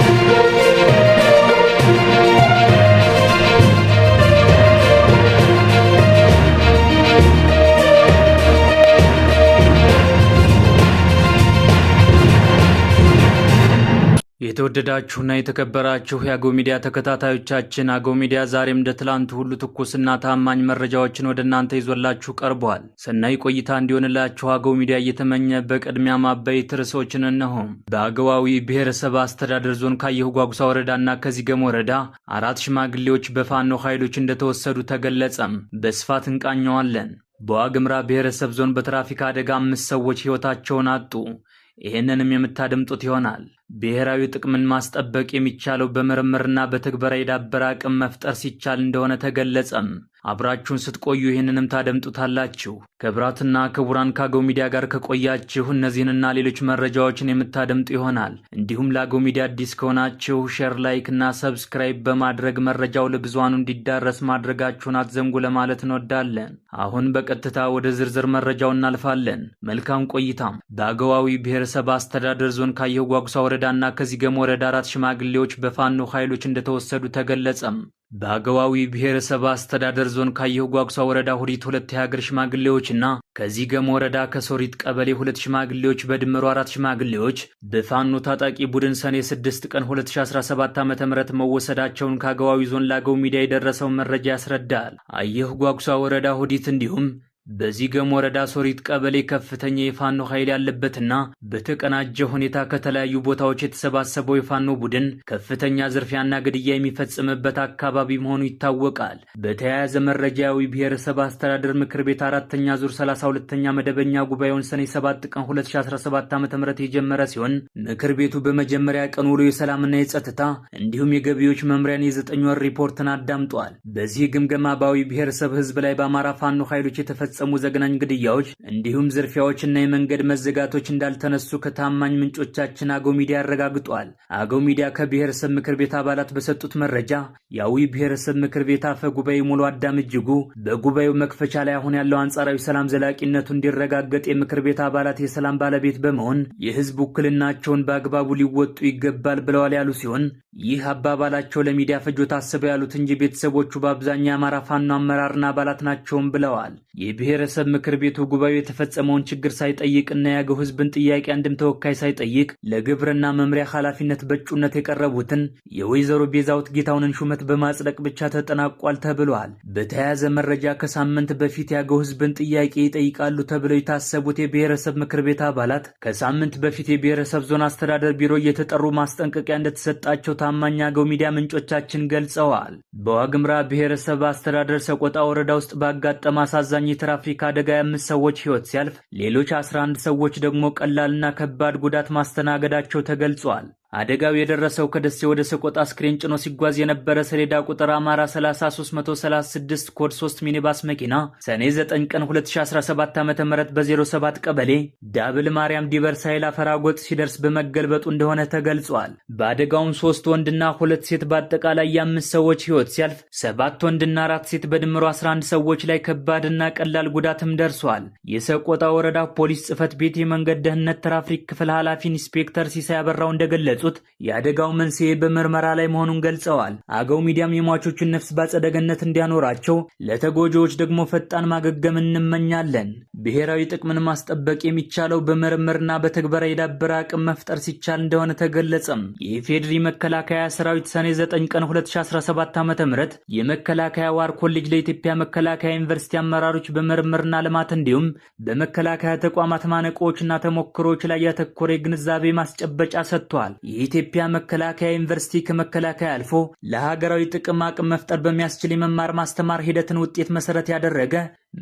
Música የተወደዳችሁና የተከበራችሁ የአገው ሚዲያ ተከታታዮቻችን አገው ሚዲያ ዛሬም እንደ ትላንቱ ሁሉ ትኩስና ታማኝ መረጃዎችን ወደ እናንተ ይዞላችሁ ቀርቧል። ሰናይ ቆይታ እንዲሆንላችሁ አገው ሚዲያ እየተመኘ በቅድሚያ ማበይት ርዕሶችን እነሆም። በአገዋዊ ብሔረሰብ አስተዳደር ዞን ካየሁ ጓጉሳ ወረዳና ከዚገም ወረዳ አራት ሽማግሌዎች በፋኖ ኃይሎች እንደተወሰዱ ተገለጸም። በስፋት እንቃኘዋለን። በዋግምራ ብሔረሰብ ዞን በትራፊክ አደጋ አምስት ሰዎች ሕይወታቸውን አጡ። ይህንንም የምታደምጡት ይሆናል። ብሔራዊ ጥቅምን ማስጠበቅ የሚቻለው በምርምርና በትግበራ የዳበረ አቅም መፍጠር ሲቻል እንደሆነ ተገለጸም። አብራችሁን ስትቆዩ ይህንንም ታደምጡታላችሁ። ከብራትና ክቡራን ከአገው ሚዲያ ጋር ከቆያችሁ እነዚህንና ሌሎች መረጃዎችን የምታደምጡ ይሆናል። እንዲሁም ለአገው ሚዲያ አዲስ ከሆናችሁ ሼር፣ ላይክ እና ሰብስክራይብ በማድረግ መረጃው ለብዙሃኑ እንዲዳረስ ማድረጋችሁን አትዘንጉ ለማለት እንወዳለን። አሁን በቀጥታ ወደ ዝርዝር መረጃው እናልፋለን። መልካም ቆይታም። በአገዋዊ ብሔረሰብ አስተዳደር ዞን ካየሁ ጓጉሳ ወረዳና ከዚገም ወረዳ አራት ሽማግሌዎች በፋኖ ኃይሎች እንደተወሰዱ ተገለጸም። በአገዋዊ ብሔረሰብ አስተዳደር ዞን ካየሁ ጓጉሷ ወረዳ ሁዲት ሁለት የሀገር ሽማግሌዎችና ከዚህ ገም ወረዳ ከሶሪት ቀበሌ ሁለት ሽማግሌዎች በድምሩ አራት ሽማግሌዎች በፋኖ ታጣቂ ቡድን ሰኔ 6 ቀን 2017 ዓ ም መወሰዳቸውን ከአገዋዊ ዞን ላገው ሚዲያ የደረሰው መረጃ ያስረዳል። አየሁ ጓጉሷ ወረዳ ሁዲት እንዲሁም በዚገም ወረዳ ሶሪት ቀበሌ ከፍተኛ የፋኖ ኃይል ያለበትና በተቀናጀ ሁኔታ ከተለያዩ ቦታዎች የተሰባሰበው የፋኖ ቡድን ከፍተኛ ዝርፊያና ግድያ የሚፈጽምበት አካባቢ መሆኑ ይታወቃል። በተያያዘ መረጃዊ ብሔረሰብ አስተዳደር ምክር ቤት አራተኛ ዙር 32ኛ መደበኛ ጉባኤውን ሰኔ 7 ቀን 2017 ዓ ም የጀመረ ሲሆን ምክር ቤቱ በመጀመሪያ ቀን ውሎ የሰላምና የጸጥታ እንዲሁም የገቢዎች መምሪያን የዘጠኝ ወር ሪፖርትን አዳምጧል። በዚህ ግምገማ በአዊ ብሔረሰብ ህዝብ ላይ በአማራ ፋኖ ኃይሎች የተፈጸ የተፈጸሙ ዘግናኝ ግድያዎች እንዲሁም ዝርፊያዎችና የመንገድ መዘጋቶች እንዳልተነሱ ከታማኝ ምንጮቻችን አገው ሚዲያ አረጋግጧል። አገው ሚዲያ ከብሔረሰብ ምክር ቤት አባላት በሰጡት መረጃ የአዊ ብሔረሰብ ምክር ቤት አፈ ጉባኤ ሙሉ አዳም እጅጉ በጉባኤው መክፈቻ ላይ አሁን ያለው አንጻራዊ ሰላም ዘላቂነቱ እንዲረጋገጥ የምክር ቤት አባላት የሰላም ባለቤት በመሆን የህዝብ ውክልናቸውን በአግባቡ ሊወጡ ይገባል ብለዋል ያሉ ሲሆን ይህ አባባላቸው ለሚዲያ ፈጆ ታስበው ያሉት እንጂ ቤተሰቦቹ በአብዛኛው የአማራ ፋኖ አመራርና አባላት ናቸውም ብለዋል። የብሔረሰብ ምክር ቤቱ ጉባኤው የተፈጸመውን ችግር ሳይጠይቅና የአገው ህዝብን ጥያቄ አንድም ተወካይ ሳይጠይቅ ለግብርና መምሪያ ኃላፊነት በእጩነት የቀረቡትን የወይዘሮ ቤዛውት ጌታውንን ሹመት በማጽደቅ ብቻ ተጠናቋል ተብሏል። በተያያዘ መረጃ ከሳምንት በፊት የአገው ህዝብን ጥያቄ ይጠይቃሉ ተብለው የታሰቡት የብሔረሰብ ምክር ቤት አባላት ከሳምንት በፊት የብሔረሰብ ዞን አስተዳደር ቢሮ እየተጠሩ ማስጠንቀቂያ እንደተሰጣቸው ታማኝ አገው ሚዲያ ምንጮቻችን ገልጸዋል። በዋግምራ ብሔረሰብ አስተዳደር ሰቆጣ ወረዳ ውስጥ ባጋጠመ አሳዛኝ የትራፊክ አደጋ የአምስት ሰዎች ሕይወት ሲያልፍ ሌሎች 11 ሰዎች ደግሞ ቀላልና ከባድ ጉዳት ማስተናገዳቸው ተገልጿል። አደጋው የደረሰው ከደሴ ወደ ሰቆጣ አስክሬን ጭኖ ሲጓዝ የነበረ ሰሌዳ ቁጥር አማራ 3336 ኮድ 3 ሚኒባስ መኪና ሰኔ 9 ቀን 2017 ዓ ም በ07 ቀበሌ ዳብል ማርያም ዲበር ሳይል አፈራጎጥ ሲደርስ በመገልበጡ እንደሆነ ተገልጿል። በአደጋውም ሶስት ወንድና ሁለት ሴት በአጠቃላይ የአምስት ሰዎች ህይወት ሲያልፍ ሰባት ወንድና አራት ሴት በድምሩ 11 ሰዎች ላይ ከባድና ቀላል ጉዳትም ደርሷል። የሰቆጣ ወረዳ ፖሊስ ጽህፈት ቤት የመንገድ ደህንነት ትራፊክ ክፍል ኃላፊ ኢንስፔክተር ሲሳይ አበራው እንደገለጸ የገለጹት የአደጋው መንስኤ በምርመራ ላይ መሆኑን ገልጸዋል። አገው ሚዲያም የሟቾቹን ነፍስ በአጸደ ገነት እንዲያኖራቸው፣ ለተጎጂዎች ደግሞ ፈጣን ማገገም እንመኛለን። ብሔራዊ ጥቅምን ማስጠበቅ የሚቻለው በምርምርና በተግበራ የዳበረ አቅም መፍጠር ሲቻል እንደሆነ ተገለጸም። የኢፌድሪ መከላከያ ሰራዊት ሰኔ 9 ቀን 2017 ዓ ም የመከላከያ ዋር ኮሌጅ ለኢትዮጵያ መከላከያ ዩኒቨርሲቲ አመራሮች በምርምርና ልማት እንዲሁም በመከላከያ ተቋማት ማነቆዎችና ተሞክሮዎች ላይ ያተኮረ የግንዛቤ ማስጨበጫ ሰጥቷል። የኢትዮጵያ መከላከያ ዩኒቨርሲቲ ከመከላከያ አልፎ ለሀገራዊ ጥቅም አቅም መፍጠር በሚያስችል የመማር ማስተማር ሂደትን ውጤት መሰረት ያደረገ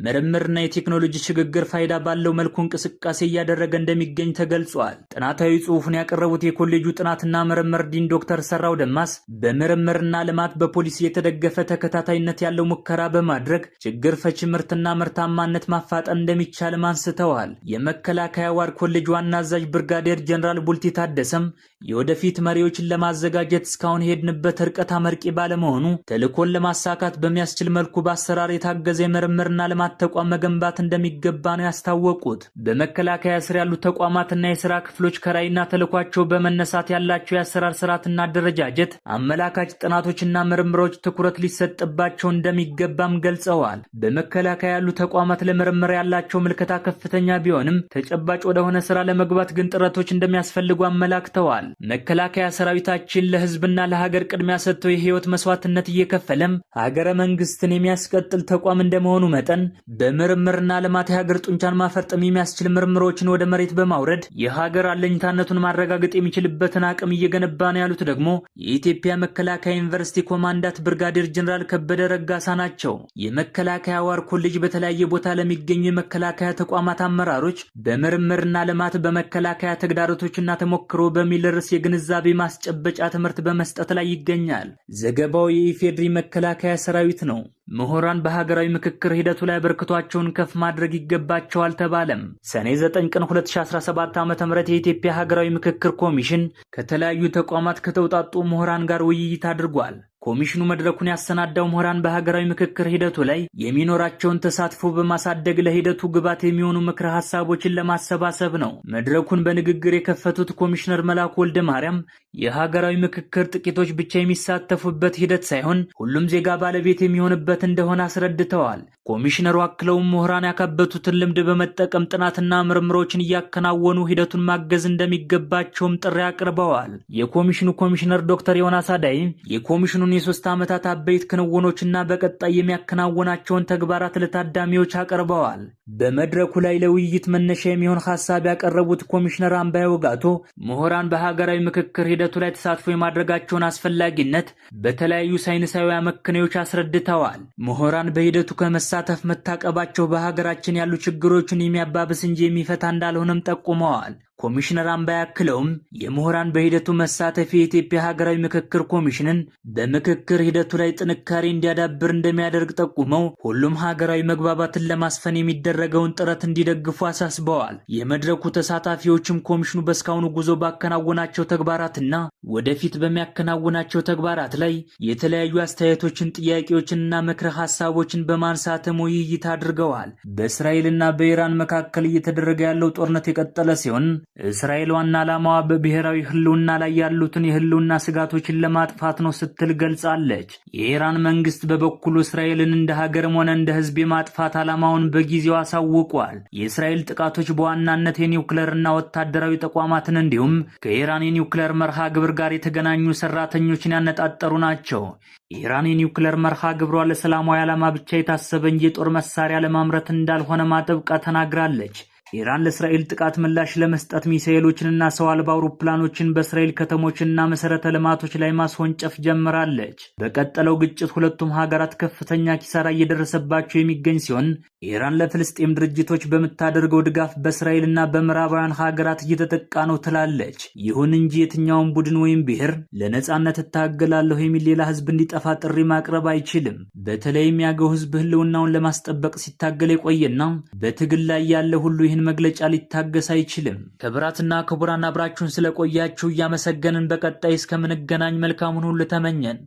ምርምርና የቴክኖሎጂ ሽግግር ፋይዳ ባለው መልኩ እንቅስቃሴ እያደረገ እንደሚገኝ ተገልጿል። ጥናታዊ ጽሑፉን ያቀረቡት የኮሌጁ ጥናትና ምርምር ዲን ዶክተር ሰራው ደማስ በምርምርና ልማት በፖሊሲ የተደገፈ ተከታታይነት ያለው ሙከራ በማድረግ ችግር ፈች ምርትና ምርታማነት ማፋጠን እንደሚቻልም አንስተዋል። የመከላከያ ዋር ኮሌጅ ዋና አዛዥ ብርጋዴር ጀኔራል ቡልቲ ታደሰም የወደፊት መሪዎችን ለማዘጋጀት እስካሁን የሄድንበት ርቀት አመርቂ ባለመሆኑ ተልዕኮን ለማሳካት በሚያስችል መልኩ በአሰራር የታገዘ የምርምርና የልማት ተቋም መገንባት እንደሚገባ ነው ያስታወቁት። በመከላከያ ስር ያሉ ተቋማትና የስራ ክፍሎች ከራዕይና ተልኳቸው በመነሳት ያላቸው የአሰራር ስርዓትና አደረጃጀት አመላካች ጥናቶችና ምርምሮች ትኩረት ሊሰጥባቸው እንደሚገባም ገልጸዋል። በመከላከያ ያሉ ተቋማት ለምርምር ያላቸው ምልከታ ከፍተኛ ቢሆንም ተጨባጭ ወደሆነ ስራ ለመግባት ግን ጥረቶች እንደሚያስፈልጉ አመላክተዋል። መከላከያ ሰራዊታችን ለህዝብና ለሀገር ቅድሚያ ሰጥተው የህይወት መስዋዕትነት እየከፈለም ሀገረ መንግስትን የሚያስቀጥል ተቋም እንደመሆኑ መጠን በምርምርና ልማት የሀገር ጡንቻን ማፈርጠም የሚያስችል ምርምሮችን ወደ መሬት በማውረድ የሀገር አለኝታነቱን ማረጋገጥ የሚችልበትን አቅም እየገነባ ነው ያሉት ደግሞ የኢትዮጵያ መከላከያ ዩኒቨርሲቲ ኮማንዳት ብርጋዴር ጀኔራል ከበደ ረጋሳ ናቸው። የመከላከያ ዋር ኮሌጅ በተለያየ ቦታ ለሚገኙ የመከላከያ ተቋማት አመራሮች በምርምርና ልማት በመከላከያ ተግዳሮቶችና ተሞክሮ በሚል ርዕስ የግንዛቤ ማስጨበጫ ትምህርት በመስጠት ላይ ይገኛል። ዘገባው የኢፌድሪ መከላከያ ሰራዊት ነው። ምሁራን በሀገራዊ ምክክር ሂደቱ ላይ አበርክቷቸውን ከፍ ማድረግ ይገባቸዋል ተባለም። ሰኔ 9 ቀን 2017 ዓ ም የኢትዮጵያ ሀገራዊ ምክክር ኮሚሽን ከተለያዩ ተቋማት ከተውጣጡ ምሁራን ጋር ውይይት አድርጓል። ኮሚሽኑ መድረኩን ያሰናዳው ምሁራን በሀገራዊ ምክክር ሂደቱ ላይ የሚኖራቸውን ተሳትፎ በማሳደግ ለሂደቱ ግብዓት የሚሆኑ ምክረ ሀሳቦችን ለማሰባሰብ ነው። መድረኩን በንግግር የከፈቱት ኮሚሽነር መላኩ ወልደ ማርያም የሀገራዊ ምክክር ጥቂቶች ብቻ የሚሳተፉበት ሂደት ሳይሆን ሁሉም ዜጋ ባለቤት የሚሆንበት እንደሆነ አስረድተዋል። ኮሚሽነሩ አክለውም ምሁራን ያካበቱትን ልምድ በመጠቀም ጥናትና ምርምሮችን እያከናወኑ ሂደቱን ማገዝ እንደሚገባቸውም ጥሪ አቅርበዋል። የኮሚሽኑ ኮሚሽነር ዶክተር ዮናስ አዳይ የኮሚሽኑን የሶስት ዓመታት አበይት ክንውኖችና በቀጣይ የሚያከናውናቸውን ተግባራት ለታዳሚዎች አቅርበዋል። በመድረኩ ላይ ለውይይት መነሻ የሚሆን ሀሳብ ያቀረቡት ኮሚሽነር አምባይ ወጋቶ ምሁራን በሀገራዊ ምክክር ሂደቱ ላይ ተሳትፎ የማድረጋቸውን አስፈላጊነት በተለያዩ ሳይንሳዊ አመክንዮች አስረድተዋል። ምሁራን በሂደቱ ከመሳ መሳተፍ መታቀባቸው በሀገራችን ያሉ ችግሮችን የሚያባብስ እንጂ የሚፈታ እንዳልሆነም ጠቁመዋል። ኮሚሽነር አምባ ያክለውም የምሁራን በሂደቱ መሳተፍ የኢትዮጵያ ሀገራዊ ምክክር ኮሚሽንን በምክክር ሂደቱ ላይ ጥንካሬ እንዲያዳብር እንደሚያደርግ ጠቁመው ሁሉም ሀገራዊ መግባባትን ለማስፈን የሚደረገውን ጥረት እንዲደግፉ አሳስበዋል። የመድረኩ ተሳታፊዎችም ኮሚሽኑ በእስካሁኑ ጉዞ ባከናወናቸው ተግባራትና ወደፊት በሚያከናውናቸው ተግባራት ላይ የተለያዩ አስተያየቶችን፣ ጥያቄዎችንና ምክረ ሀሳቦችን በማንሳትም ውይይት አድርገዋል። በእስራኤልና በኢራን መካከል እየተደረገ ያለው ጦርነት የቀጠለ ሲሆን እስራኤል ዋና ዓላማዋ በብሔራዊ ህልውና ላይ ያሉትን የህልውና ስጋቶችን ለማጥፋት ነው ስትል ገልጻለች። የኢራን መንግስት በበኩሉ እስራኤልን እንደ ሀገርም ሆነ እንደ ህዝብ የማጥፋት ዓላማውን በጊዜው አሳውቋል። የእስራኤል ጥቃቶች በዋናነት የኒውክለርና ወታደራዊ ተቋማትን እንዲሁም ከኢራን የኒውክለር መርሃ ግብር ጋር የተገናኙ ሰራተኞችን ያነጣጠሩ ናቸው። ኢራን የኒውክለር መርሃ ግብሯ ለሰላማዊ ዓላማ ብቻ የታሰበ እንጂ የጦር መሳሪያ ለማምረት እንዳልሆነ ማጥብቃ ተናግራለች። ኢራን ለእስራኤል ጥቃት ምላሽ ለመስጠት ሚሳኤሎችንና ሰው አልባ አውሮፕላኖችን በእስራኤል ከተሞችና መሠረተ ልማቶች ላይ ማስወንጨፍ ጀምራለች። በቀጠለው ግጭት ሁለቱም ሀገራት ከፍተኛ ኪሳራ እየደረሰባቸው የሚገኝ ሲሆን ኢራን ለፍልስጤም ድርጅቶች በምታደርገው ድጋፍ በእስራኤልና በምዕራባውያን ሀገራት እየተጠቃ ነው ትላለች። ይሁን እንጂ የትኛውን ቡድን ወይም ብሔር ለነጻነት እታገላለሁ የሚል ሌላ ህዝብ እንዲጠፋ ጥሪ ማቅረብ አይችልም። በተለይም ያገው ህዝብ ህልውናውን ለማስጠበቅ ሲታገል የቆየና በትግል ላይ ያለ ሁሉ ይህ ይህን መግለጫ ሊታገስ አይችልም። ክብራትና ክቡራን አብራችሁን ስለቆያችሁ እያመሰገንን በቀጣይ እስከምንገናኝ መልካሙን ሁሉ ተመኘን።